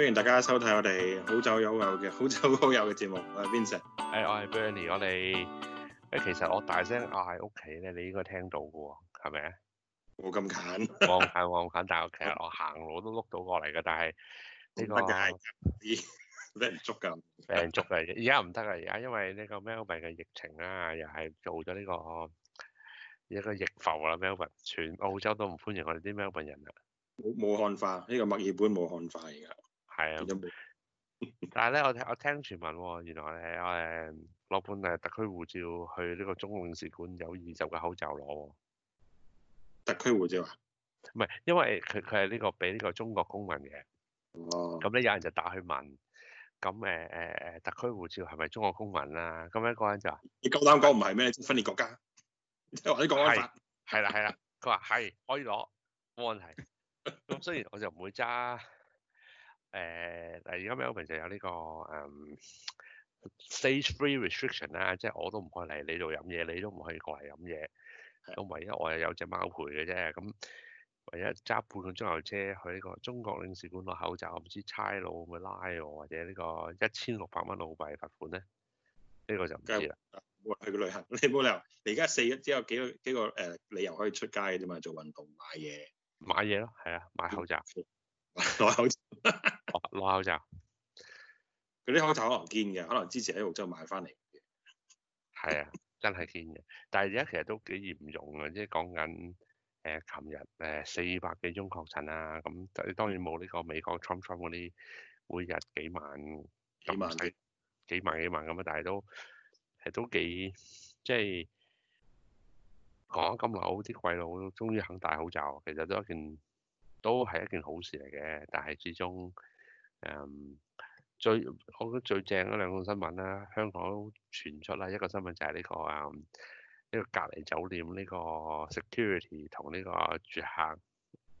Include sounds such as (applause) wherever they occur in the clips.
歡迎大家收睇我哋好酒友友嘅好酒好友嘅節目。我係 Vincent，誒、哎、我係 Bernie，我哋誒其實我大聲嗌喺屋企咧，你應該聽到嘅喎，係咪、 (laughs) 這個、 (laughs) 啊？冇咁近，望近望近，但係其實我行路都碌到過嚟嘅，但係呢個咩唔捉噶？畀人捉嘅。而家唔得啊！而家因為呢個 Melbourne 嘅疫情啦，又係做咗呢個一個疫浮啦，Melbourne 全澳洲都唔歡迎我哋啲 Melbourne 人啦。武武漢化呢、這個墨爾本武漢化而家。係啊，但係咧，我聽我聽傳聞，原來咧，誒，攞本誒特區護照去呢個中國領事館有二十個口罩攞、哦。特區護照啊？唔係，因為佢佢係呢個俾呢個中國公民嘅。哦。咁咧，有人就打去問，咁誒誒誒，特區護照係咪中國公民啊？咁樣嗰人就話：，你夠膽講唔係咩？分裂國家，即係話啲國安法。係啦係啦，佢話係可以攞，冇問題。咁雖然我就唔會揸。誒、呃，嗱而家 Melbourne 就有呢、這個誒、嗯、Stage Three Restriction 啦，即係我都唔可以嚟你度飲嘢，你都唔可以過嚟飲嘢。咁唯一我又有隻貓陪嘅啫，咁唯一揸半個鐘頭車去呢個中國領事館攞口罩，我唔知差佬會唔會拉我，或者個呢個一千六百蚊澳幣罰款咧？呢、這個就唔知啦。冇去旅行，你冇理由。你而家四日之後，只有幾個幾個誒、呃、理由可以出街嘅啫嘛？做運動、買嘢。買嘢咯，係啊，買口罩。嗯攞 (laughs) 口罩，攞口罩。嗰啲口罩可能見嘅，可能之前喺澳洲買翻嚟嘅。係啊，真係見嘅。但係而家其實都幾嚴重，就是呃呃、啊，即係講緊誒，琴日誒四百幾宗確診啊，咁當然冇呢個美國 Trump 嗰啲每日幾萬咁啊，幾萬幾萬咁啊，但係都係都幾即係講金樓啲貴佬終於肯戴口罩，其實都一件。都係一件好事嚟嘅，但係始終，誒、嗯，最我覺得最正嗰兩宗新聞啦，香港傳出啦一個新聞就係呢、這個啊，呢、嗯這個隔離酒店呢、這個 security 同呢個住客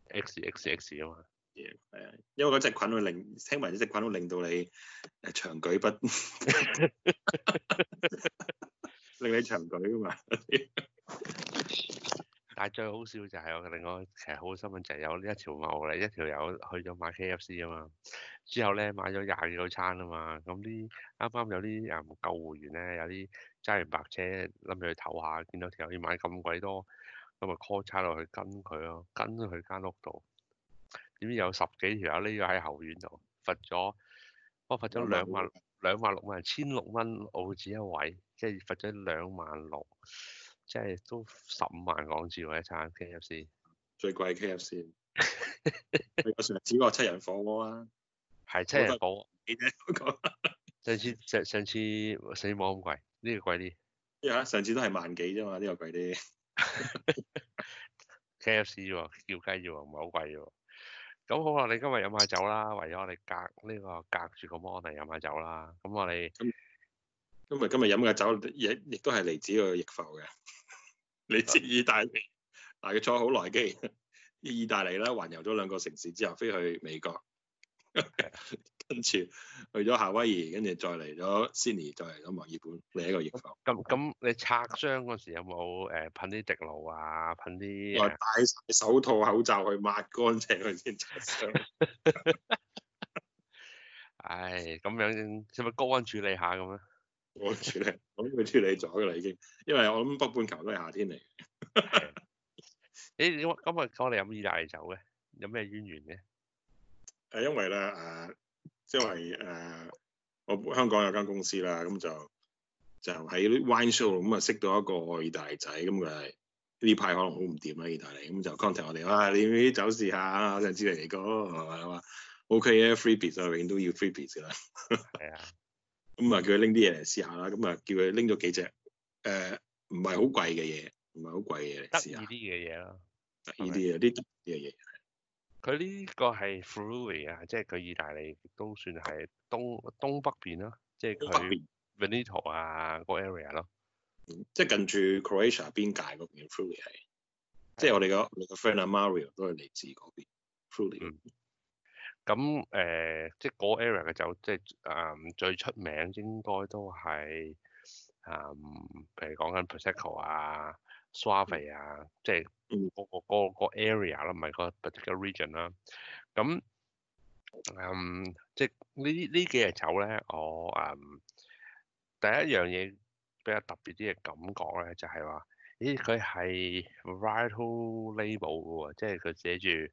X X X 啊嘛，yeah, yeah. 因為嗰隻菌會令，聽聞呢隻菌會令到你、呃、長舉不 (laughs) (laughs) 令你長舉噶嘛。 (laughs) 但係最好笑就係、是、我另外成日好新聞就係、是、有一條牛嚟，一條友去咗買 KFC 啊嘛，之後咧買咗廿幾套餐啊嘛，咁啲啱啱有啲啊救護員咧，有啲揸完白車諗住去唞下，見到條友要買咁鬼多，咁啊 call 差落去跟佢咯、啊，跟咗佢間屋度，點知有十幾條友呢個喺後院度罰咗，我罰咗兩萬、嗯、兩萬六蚊，千六蚊澳紙一位，即係罰咗兩萬六。即係都十五萬港紙一餐 K F C 最貴 K F C， (laughs) 我，我，、啊、我個 (laughs) 上次只七人房窩啦，係七人房幾啫，我講。上次上上次冇咁貴，呢、這個貴啲。咩啊？上次都係萬幾啫嘛，呢、這個貴啲。K F C 喎，叫雞翼又唔係好貴嘅。咁好啦，你今日飲下酒啦，為咗我哋隔呢、這個隔住個摩嚟飲下酒啦。咁我哋咁今日今日飲嘅酒亦都係嚟自個逆浮嘅。你知意大利，嗱佢坐好耐機，意大利啦，環遊咗兩個城市之後飛去美國，跟 (laughs) 住去咗夏威夷，跟住再嚟咗悉尼，再嚟咗墨爾本，另一個疫區。咁咁你拆箱嗰時 (laughs) 有冇誒、呃、噴啲滴露啊？噴啲。戴晒手套口罩去抹乾淨佢先拆箱、 (laughs) (laughs) (laughs) 哎。唉，咁樣係咪高溫處理下咁樣？ (laughs) 我處理，咁佢處理咗㗎啦，已經，因為我諗北半球都係夏天嚟、 (laughs) 欸。誒，咁今日啊，講你飲意大利酒嘅，有咩淵源咧？誒，因為咧誒、呃，因為誒、呃，我香港有間公司啦，咁就就喺 wine show 咁啊，識到一個意大利仔，咁佢呢派可能好唔掂啊。意大利，咁就 contact 我哋，哇、啊，你要要走試下，試嚟嚟哥係嘛？OK 啊 freebies 啊，永遠都要 freebies 㗎啦。係啊。咁啊，叫佢拎啲嘢嚟試下啦。咁啊，叫佢拎咗幾隻，誒、呃，唔係好貴嘅嘢，唔係好貴嘅嘢嚟試下。得意啲嘅嘢啦，得意啲嘢，啲、okay. 得意嘅嘢。佢呢個係 Friuli 啊，即係佢意大利都算係東東北邊咯，即係佢 Veneto 啊個 area 咯，嗯、即係近住 Croatia 邊界嗰邊 Friuli 係，即係我哋、嗰個我個 friend 阿 Mario 都係嚟自嗰邊 Friuli、嗯咁誒、呃，即係個 area 嘅酒，即係誒、嗯、最出名應該都係誒、嗯，譬如講緊 Prosecco 啊、Soave 啊，即係嗰個嗰、嗯嗰個 area、嗰個、啦，唔係個 particular region 啦。咁、嗯、誒，即係呢呢幾隻酒咧，我誒、嗯、第一樣嘢比較特別啲嘅感覺咧，就係、是、話咦，佢係 Vital Label 喎，即係佢寫住。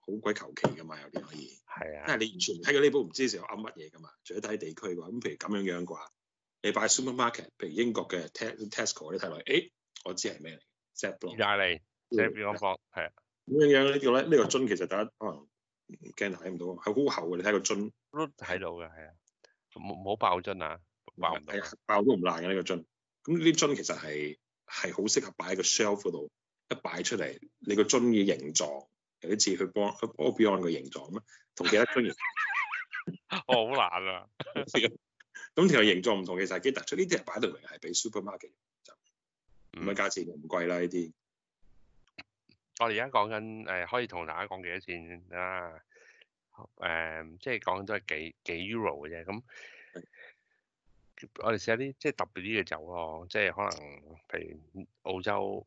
好鬼求其噶嘛，有啲可以，即係、啊、你完全唔睇過呢部，唔知時候噏乜嘢噶嘛。除咗睇地區嘅話，咁譬如咁樣樣嘅話，你擺 supermarket，譬如英國嘅 Tesco 你睇落，哎、欸，我知係咩嚟 z a e 意大利，Zap，block，係啊，咁、啊啊、樣樣呢、嗯呢個咧，呢個樽其實大家可能驚睇唔到，係好厚嘅，你睇個樽，睇到㗎，係啊，唔好唔好爆樽啊，爆唔到，爆都唔爛嘅呢、呢個樽。咁呢啲樽其實係係好適合擺喺個 shelf 嗰度，一擺出嚟，你個樽嘅形狀。有一次去幫去 Beyond 個形狀咩？同其他經營，我、 (laughs) (laughs) (laughs) 哦、好難啊。咁 (laughs) 條形狀唔同其實幾突出，呢啲人擺到明其實係畀 Supermarket，嗯、價就唔係價錢唔貴啦呢啲。我哋而家講緊誒，可以同大家講幾多錢啊？誒、嗯，即係講緊都係幾幾 euro 嘅啫。咁我哋試下啲即係特別啲嘅酒咯，即係可能譬如澳洲。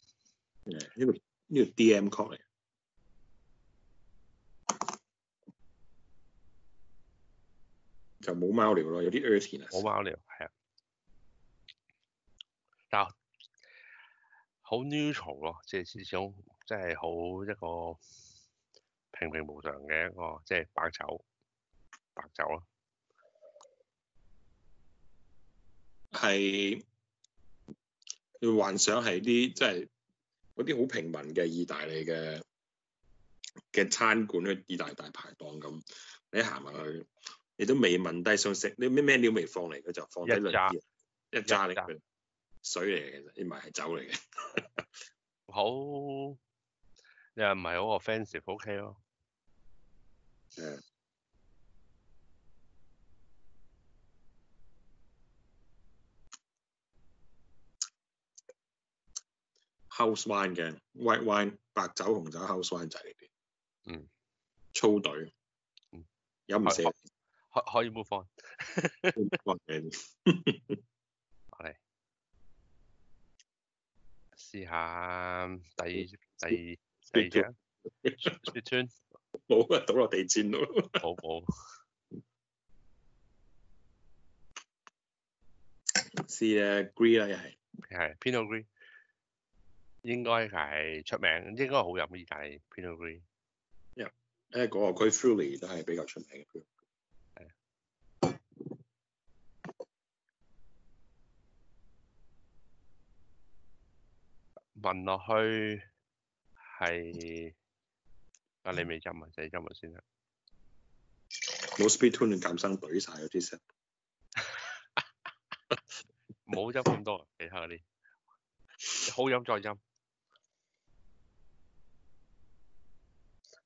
呢個呢個 TM 佢，就冇貓尿咯，有啲 earthiness 冇貓尿，係啊，但好 neutral 咯，即係想即係好一個平平無常嘅一個即係白酒，白酒咯，係要幻想係啲即係。有啲好平民嘅意大利嘅嘅餐館咧，意大利大排檔咁，你行埋去，你都未問低想食，你咩咩料未放嚟，佢就放喺度。一揸一揸，水嚟嘅，唔係係酒嚟嘅。好，又 (laughs) 唔係好 offensive，OK、okay 咯。嗯、yeah。House wine 嘅 white wine，白酒、紅酒，house wine 就係呢啲。嗯，粗隊，嗯，飲唔死，可可以 move on，我嚟，試下第二第二第二隻，雪村，冇啊，倒落地氈咯，好好，試下 green 啊，又係，係 Pinot Gris。應該係出名，應該好飲啲，但係 Pinot Grigio。因為，因為嗰個區 Friuli 都係比較出名嘅。係。聞落去係，啊你未飲啊，你飲埋先啊。冇 speed tune，降生懟晒嗰啲 set。冇飲咁多，其他嗰啲好飲再飲。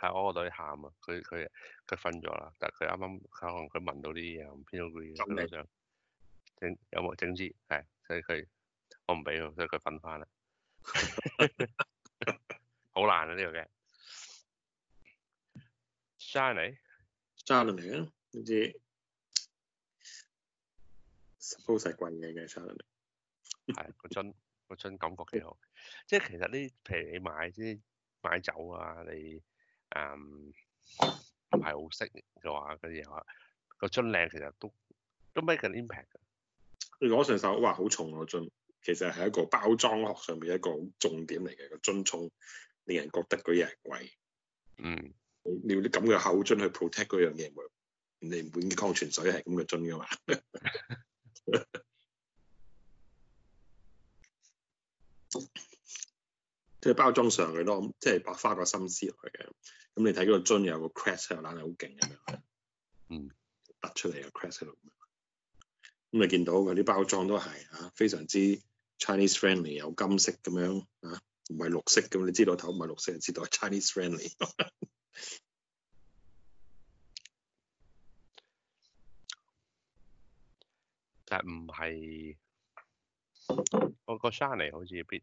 係我個女喊啊！佢佢佢瞓咗啦，但係佢啱啱可能佢聞到啲嘢，唔偏到嗰啲，佢都想整有冇整支係，所以佢我唔俾佢，所以佢瞓翻啦。好難啊呢個嘅。Chianti，Chianti 嚟啊，呢支鋪曬棍嘅嘅 Chianti，係個樽個樽感覺幾好，即係其實呢譬如你買即買酒啊，你。嗯，唔係好識嘅話，嗰啲嘢個樽靚，其實都都 make an impact 嘅。你攞上手哇，好重個、啊、樽，其實係一個包裝學上面一個重點嚟嘅。個樽重，令人覺得嗰樣嘢貴。嗯，你要啲咁嘅口樽去 protect 嗰樣嘢，你唔滿啲礦泉水係咁嘅樽噶嘛。 (laughs) (laughs) 即係包裝上佢都即係花個心思落去嘅，咁你睇嗰個樽有個 crest 度，懶係好勁咁樣，嗯，突出嚟有 crest 喺度，咁你見到嗰啲包裝都係嚇，非常之 Chinese friendly，有金色咁樣嚇，唔、啊、係綠色咁，你知道我頭唔係綠色，係知道 Chinese friendly， (laughs) 但唔係個個 sunny 好似 b i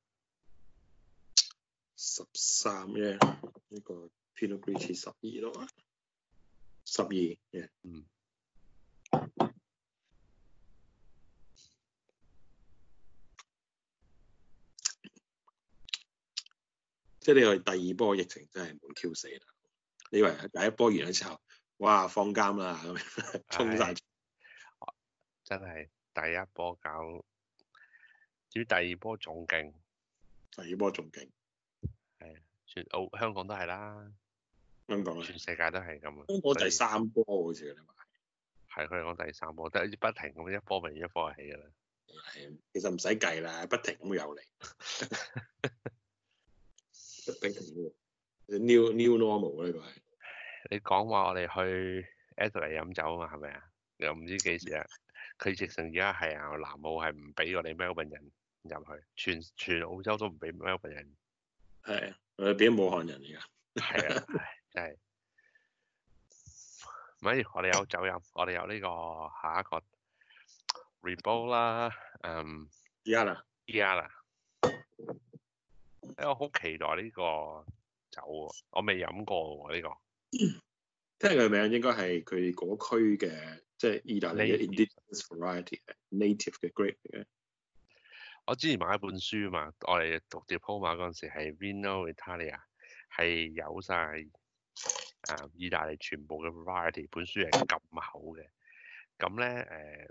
十三耶，呢個 Pinot Grigio 十二咯，十二耶，嗯，即係你話第二波疫情真係悶 Q 死啦！你以為第一波完咗之後，哇，放監啦咁，衝 (laughs) 曬， (laughs) 真係第一波搞，至於第二波仲勁，第二波仲勁。全澳香港都係啦，香港全世界都係咁啊。香港就第三波好似你話，係佢係講第三波，都係不停咁一波完一波又起噶啦。係，其實唔使計啦，不停咁又嚟。New New Normal 呢個係。你講話我哋去 Italy 飲酒啊嘛，係咪啊？又唔知幾時啊？佢 (laughs) 直情而家係啊，南澳係唔俾我哋 Melbourne 人入去，全全澳洲都唔俾 Melbourne 人。係啊。我哋啲武漢人嚟噶，係啊，真係。咪，我哋有酒飲，我哋有呢、這個下一個 Rebola、um, 啦，嗯，依家啦，依家啦。誒，我好期待呢個酒喎，我未飲過喎呢、這個。聽佢個名應該係佢嗰區嘅，即、就、係、是、意大利 indigenous variety native 嘅 grape 嘅。我之前買一本書啊嘛，我哋讀啲 Diploma 嗰時係 Vino Italia，係有晒啊意大利全部嘅 variety，本書係咁厚嘅。咁咧誒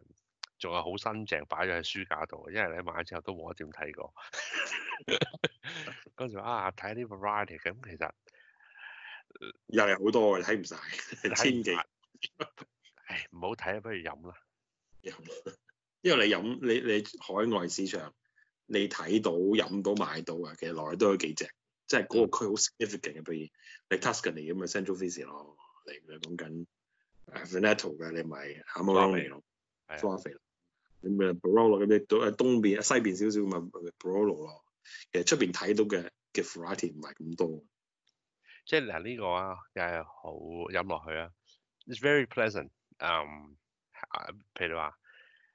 仲有好新淨擺咗喺書架度，因為你買咗之後都冇得點睇過。嗰 (laughs) 時候啊睇下啲 variety，咁其實又係好多嘅，睇唔曬，係千幾。唉、哎，唔好睇啊，不如飲啦。 (laughs) 因為你飲你你，你海外市場你睇到飲到買到啊，其實內都有幾隻，即係嗰個區好 significant 嘅。譬如你 Tuscany 咁咪 Central Italy 你講緊，Veneto 嘅你咪 Amalfi 咯，Sicily 啊 Barolo 咁你東邊西邊少少咪 Barolo 咯。其實出邊睇到嘅嘅 Variety 唔係咁多。即係嗱呢個又係好飲落去啊，It's very pleasant，um。嗯，譬如話。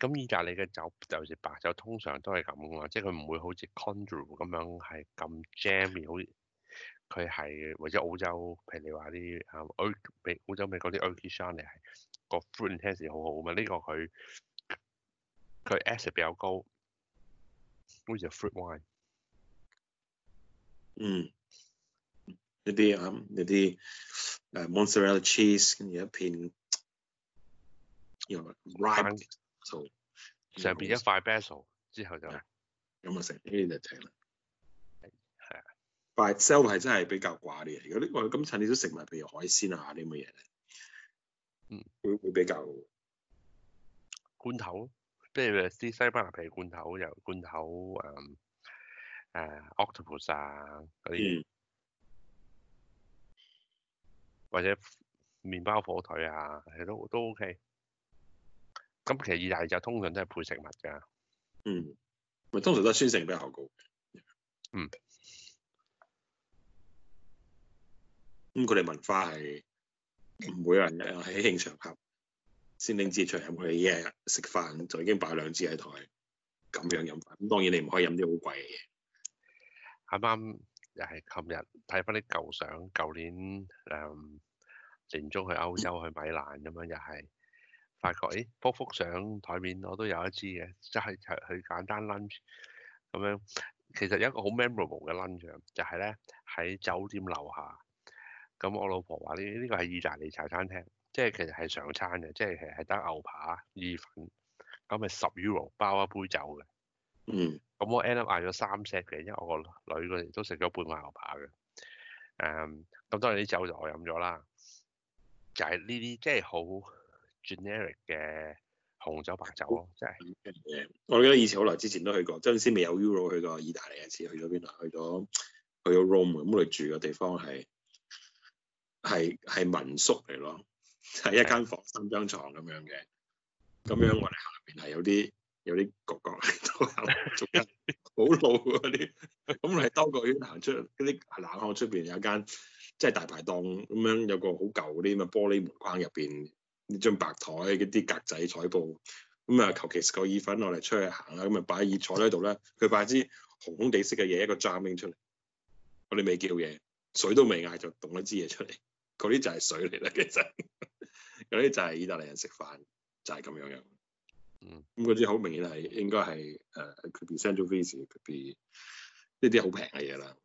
咁意大利嘅酒就是白酒，通常都係咁嘅，即係佢唔會 gamy，好似 Condro 咁樣係咁 jammy 好。佢係或者澳洲，譬如你話啲啊歐美澳洲美國啲 Oceania，係個 fruit taste 好好啊嘛，呢個佢佢 acid 比較高，好似 fruit wine。嗯，啲啲啊，啲、um, uh, mozzarella cheese，有啲有 ripe。上邊一塊 b a s a 之後就咁、是、食。呢、嗯、啲就停啦。係啊，but sell 係真係比較寡啲嘅。如果呢個今餐你都食埋，譬如海鮮啊啲咁嘅嘢咧，嗯，會會比較罐頭咯，即係啲西班牙皮罐頭、又罐頭、um, uh, 啊，誒 octopus 啊嗰啲，或者麵包火腿啊，係都都 OK。咁其實意大就通常都係配食物㗎，嗯，咪通常都係酸性比較高，嗯，咁佢哋文化係每個人喺慶場合先拎支出嚟，冇理由日日食飯就已經擺兩支喺台，咁樣飲，咁當然你唔可以飲啲好貴嘅嘢。啱啱又係琴日睇翻啲舊相，舊年誒年初去歐洲、嗯、去米蘭咁樣又係。發覺誒，覆覆上台面我都有一支嘅，即係就是、去簡單 lunch 咁樣。其實有一個好 memorable 嘅 lunch 就係、是、咧，喺酒店樓下。咁我老婆話：呢呢個係意大利茶餐廳，即係其實係上餐嘅，即係其實係得牛扒意粉。咁係十 euro 包一杯酒嘅。嗯。咁我 end up 嗌咗三 set 嘅，因為我個女嗰陣都食咗半塊牛扒嘅。誒、嗯，咁當然啲酒就我飲咗啦。就係呢啲，即係好。generic 嘅紅酒白酒咯，真係。我記得以前好耐之前都去過，嗰陣時未有 Euro 去過意大利一次，去咗邊度？去咗去咗 Rome，咁我住嘅地方係係係民宿嚟咯，係一間房三張床咁樣嘅。咁樣我哋下邊係有啲有啲角角，仲有好 (laughs) 老嗰啲，咁嚟兜個圈行出嗰啲冷巷出邊有一間即係、就是、大排檔咁樣，有個好舊嗰啲咁嘅玻璃門框入邊。呢張白台嗰啲格仔彩布，咁啊求其食個意粉我哋出，出去行啦，咁啊擺啲熱菜喺度啦。佢擺支紅紅地色嘅嘢一個鑊拎出嚟，我哋未叫嘢，水都未嗌就攞一支嘢出嚟，嗰啲就係水嚟啦，其實，嗰啲就係意大利人食飯就係、是、咁樣樣、呃，嗯，咁嗰啲好明顯係應該係誒，could be Sangiovese, could be 呢啲好平嘅嘢啦，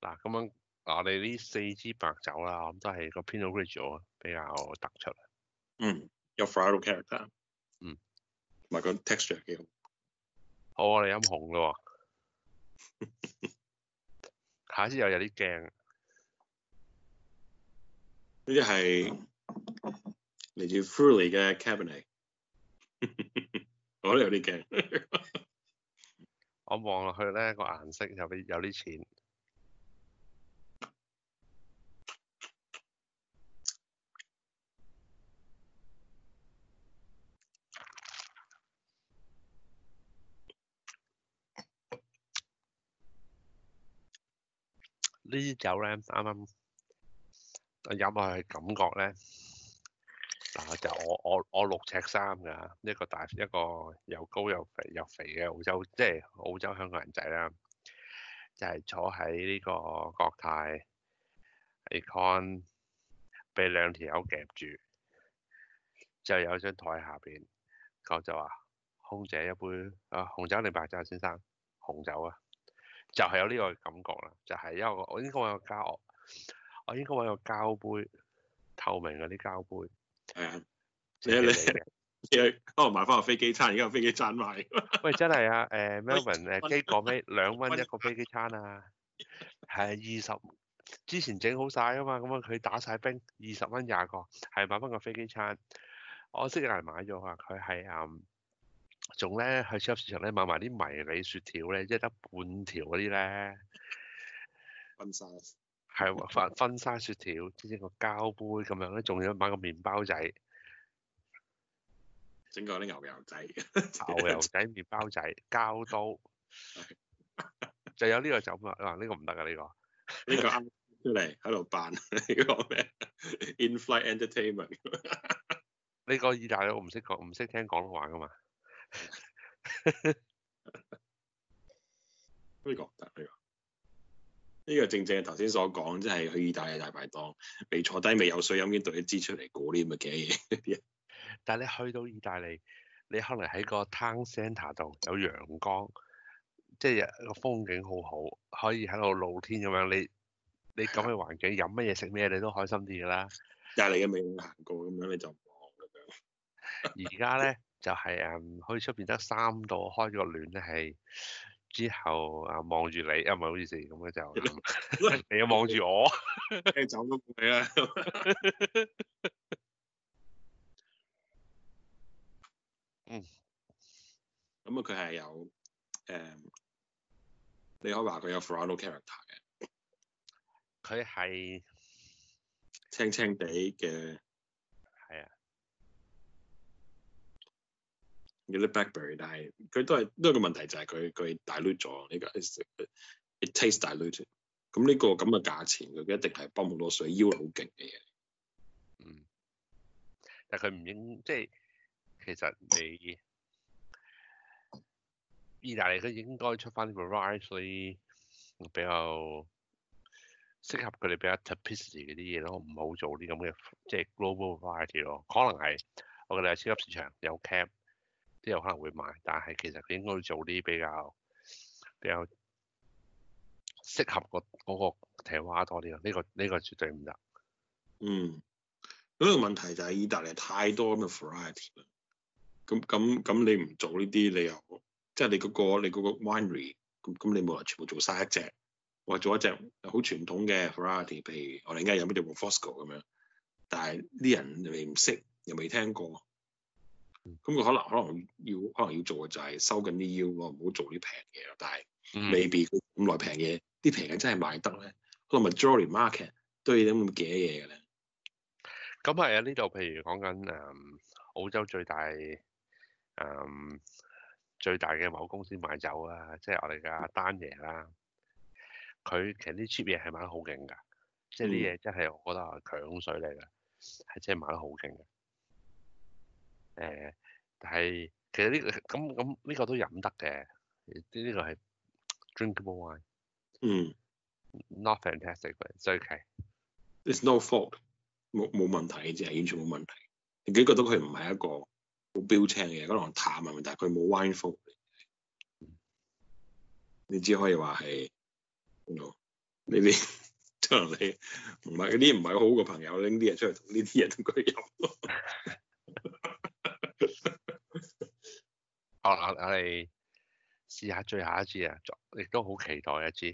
嗱咁樣我哋呢四支白酒啦，咁都係個 Pinot Grigio 比較突出。嗯，有 fractal character，嗯，同埋個 texture 係幾好。好啊，你飲紅噶喎，吓，下一次又有啲驚。呢啲係嚟自 Friuli 嘅 Cabernet，我都有啲驚。我望落去咧個顏色有啲有啲淺。這酒呢啲酒咧，啱啱飲落去感覺咧，嗱就是、我我我六尺三㗎，一個大一個又高又肥又肥嘅澳洲，即係澳洲香港人仔啦，就係、是、坐喺呢個國泰 icon，畀兩條友夾住，就有一張台下邊，我就話空姐一杯啊，紅酒定白酒先生，紅酒啊。就係有呢個感覺啦，就係因為我應該揾個膠，我應該揾個膠杯，透明嗰啲膠杯。嗯。你你你去幫我買翻個飛機餐，而家個飛機餐賣。喂，真係啊，誒 Melbourne 誒機講咩兩蚊一個飛機餐啊？係二十，之前整好晒啊嘛，咁啊佢打晒冰，二十蚊廿個，係買翻個飛機餐。我識人買咗啊，佢係嗯。仲咧去超市場咧買埋啲迷你雪條咧，即係得半條嗰啲咧，婚紗係婚紗雪條，即成個膠杯咁樣咧，仲要買個麵包仔，整個啲牛油仔， (laughs) 牛油仔麵包仔 (laughs) 膠刀， (laughs) 就有呢個酒。嘛？啊呢、呢個唔得㗎呢個， (laughs) 個，呢 (laughs) 個啱出嚟喺度扮呢個咩？In-flight entertainment，呢 (laughs) 個意大利我唔識講，唔識聽廣東話㗎嘛。呢、 (laughs) 這個唔得，呢、這個呢、這個正正係頭先所講，即係去意大利大排檔，未坐低未有水飲，已經倒你支出嚟，過呢咁嘅嘢。 (laughs) 但係你去到意大利，你可能喺個 town center 度有陽光，即係個風景好好，可以喺度露天咁樣，你你咁嘅環境飲乜嘢食咩，你都開心啲啦。但係你又未行過，咁樣你就唔同。而家咧。 (laughs) 就係、是、誒、嗯，去出邊得三度開咗個暖氣之後啊，望住你啊，唔係好意思咁樣就 (laughs) (laughs) 你啊望住我 (laughs) 沒、 (laughs) 嗯，你走咗佢啦。咁啊，佢係有誒，你可以話佢有 frontal character 嘅。佢係青青地嘅。用啲 Blackberry，但係佢都係都係個問題就，就係佢佢大壘咗呢個，it tastes diluted。咁呢個咁嘅價錢，佢一定係幫好多水，腰好勁嘅。嗯。但係佢唔應即係，其實你 (coughs) 意大利佢應該出翻啲 Variety 比較適合佢哋比較 typicity 嗰啲嘢咯，唔好做啲咁嘅即係 Global Variety 咯。可能係我覺得係超級市場有 cap。啲有可能會買，但係其實佢應該做啲比較比較適合、嗰個、嗰個、嗰個 terroir 多啲啊！呢個呢個絕對唔得。嗯，嗰、嗰個問題就係意大利太多咁嘅 variety 啦。咁咁咁，你唔做呢啲，你又即係你嗰個你嗰個 winery 咁咁，你冇可能全部做晒一隻，或者做一隻好傳統嘅 variety，譬如我哋而家飲咩叫 Fosco 咁樣，但係啲人你唔識，又未聽過。咁佢可能可能要可能要做嘅就係收緊啲腰咯，唔好做啲平嘢但係未必咁耐平嘢，啲平嘢真係賣得咧，可能咪 Jolly Market 都要諗咁嘅嘢嘅咧。咁、嗯、係啊，呢度譬如講緊誒澳洲最大誒、嗯、最大嘅某公司買酒啦，即係我哋嘅阿丹爺啦。佢、嗯、其實啲 cheap 嘢係賣得好勁噶，即係啲嘢真係我覺得係強水嚟噶，係真係賣得好勁嘅。誒、呃，係，其實呢、這個咁咁呢個都飲得嘅，呢、這、呢個係 drinkable wine、mm.。嗯，not fantastic，but it's ok。It's no fault，冇冇問題，即係完全冇問題。你覺得佢唔係一個好標青嘅，可能淡啊，但係佢冇 wine fault。Mm. 你只可以話係呢 no、maybe、可能你唔係嗰啲唔係好嘅朋友拎啲嘢出嚟，呢啲嘢同佢飲。 (laughs) 啊、我我哋試下最後一支啊！亦都好期待一支。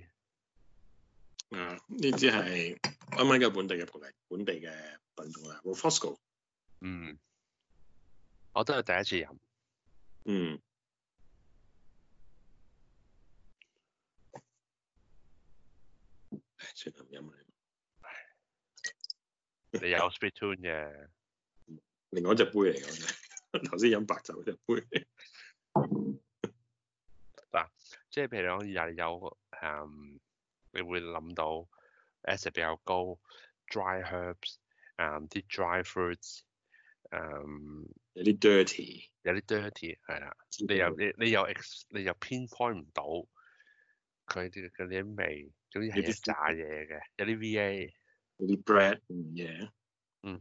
呢支係啱啱嘅本地嘅嚟，本地嘅品種嚟。Fosco 嗯。我都係第一次飲。嗯。最你有 spittoon 嘅？另外一隻杯嚟講。頭先飲白酒一杯。嗱，即係譬如講，又有誒，你會諗到 acid 比較高，dry herbs，誒啲 dry fruits，誒有啲 dirty，有啲 dirty 係啦。你又你你又 ex，你又 pinpoint 唔到佢啲佢啲味，總之係啲炸嘢嘅，有啲 veg，有啲 bread，嗯。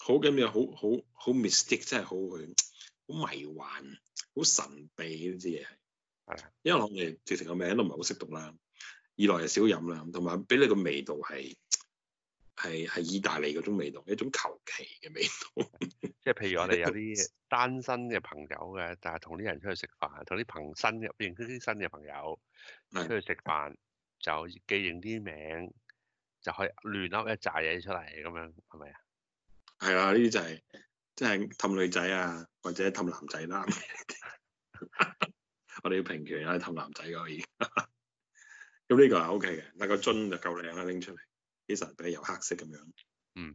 好咁又好好好 mystic，真係好去，好，好，好 mistake，迷幻、好神秘呢啲嘢。係，因為一來我哋直情個名都唔係好識讀啦，二來又少飲啦，同埋俾你個味道係係係意大利嗰種味道，一種求其嘅味道。即係譬如我哋有啲單身嘅朋友嘅，但係同啲人出去食飯，同啲朋新入邊啲新嘅朋友出去食飯，的就記認啲名，就可以亂揦一揸嘢出嚟咁樣，係咪啊？係啦、啊，呢啲就係、是，即係氹女仔啊，或者氹男仔啦、啊。 (laughs) (laughs) 我哋要平權啊，氹男仔的可以。咁 (laughs) 呢個係 OK 嘅，但個樽就夠靚啦，拎出嚟，其實俾有黑色咁樣。嗯。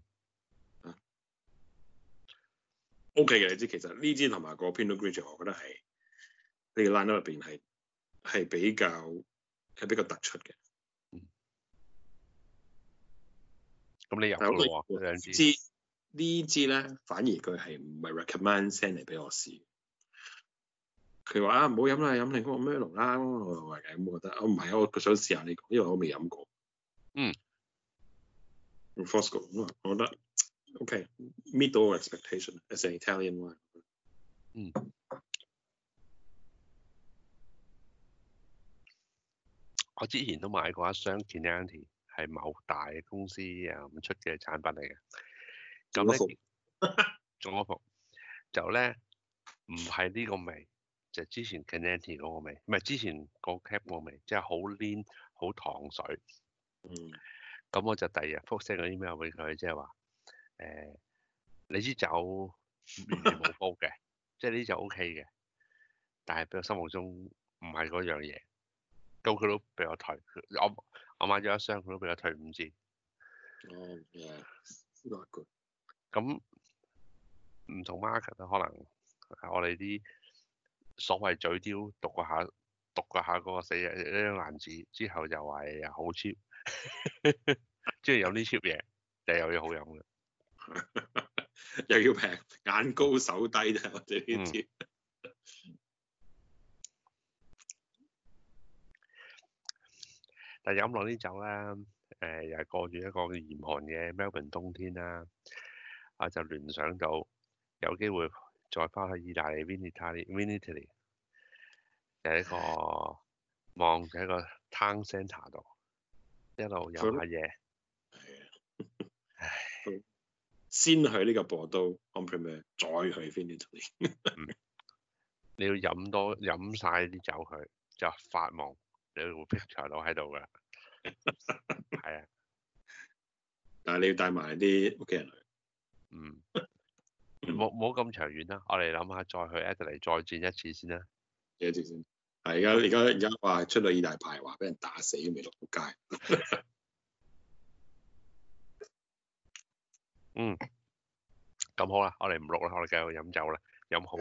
OK 嘅，你知其實呢支同埋個 Pinot Grigio，我覺得係呢、呢個 line 入邊係係比較係比較突出嘅。嗯。咁你入咗啦喎，兩支。呢支咧，反而佢係唔係 recommend send 嚟俾我試？佢話啊，唔好飲啦，飲另外個 merlot 啦。我話嘅，我覺得啊，唔係，我佢想試下呢個，因為我未飲過。嗯。Fosco，我覺得 OK，meet、okay, all expectation as an Italian wine。嗯。我之前都買過一箱 Gianotti，係某大公司啊出嘅產品嚟嘅。咁咧仲有一服，就咧唔係呢個味，就是，之前 Chianti 嗰個味，唔係之前個 Capone 味，即係好黏、好糖水。嗯。咁我就第二日復 send 嗰啲咩俾佢，即係話誒你支酒冇煲嘅，即係呢啲就 O K 嘅，但係俾我心目中唔係嗰樣嘢。咁佢都俾我退，我我買咗一箱，佢都俾我退五支。咁唔同 market 啦，可能我哋啲所謂嘴刁，讀下讀下嗰個四呢啲男子之後就話又好 cheap，即係有啲 cheap 嘢，就係又要好飲嘅， (laughs) 又要平，眼高手低啫。或者、嗯、 (laughs) 呢啲，但係飲落啲酒咧，誒又係過住一個嚴寒嘅 Melbourne 冬天啦，啊。我就聯想到有機會再翻去意大利 Vinitaly 就係一個望喺個 town center 度，一路飲下嘢。係啊，先去呢個博都，complete，再去 Vinitaly。你要飲多飲晒啲酒去，佢就發夢，你會劈柴佬喺度㗎啦。係 (laughs) 啊，但係你要帶埋啲屋企人嚟。嗯，冇冇咁長遠啦，我哋諗下再去 Adelaide 再轉一次先啦，轉一次先。啊，而家而家而家話出到意大排話俾人打死都未落到街。 (laughs) 嗯，咁好啦，我哋唔錄啦，我哋繼續飲酒啦，飲好。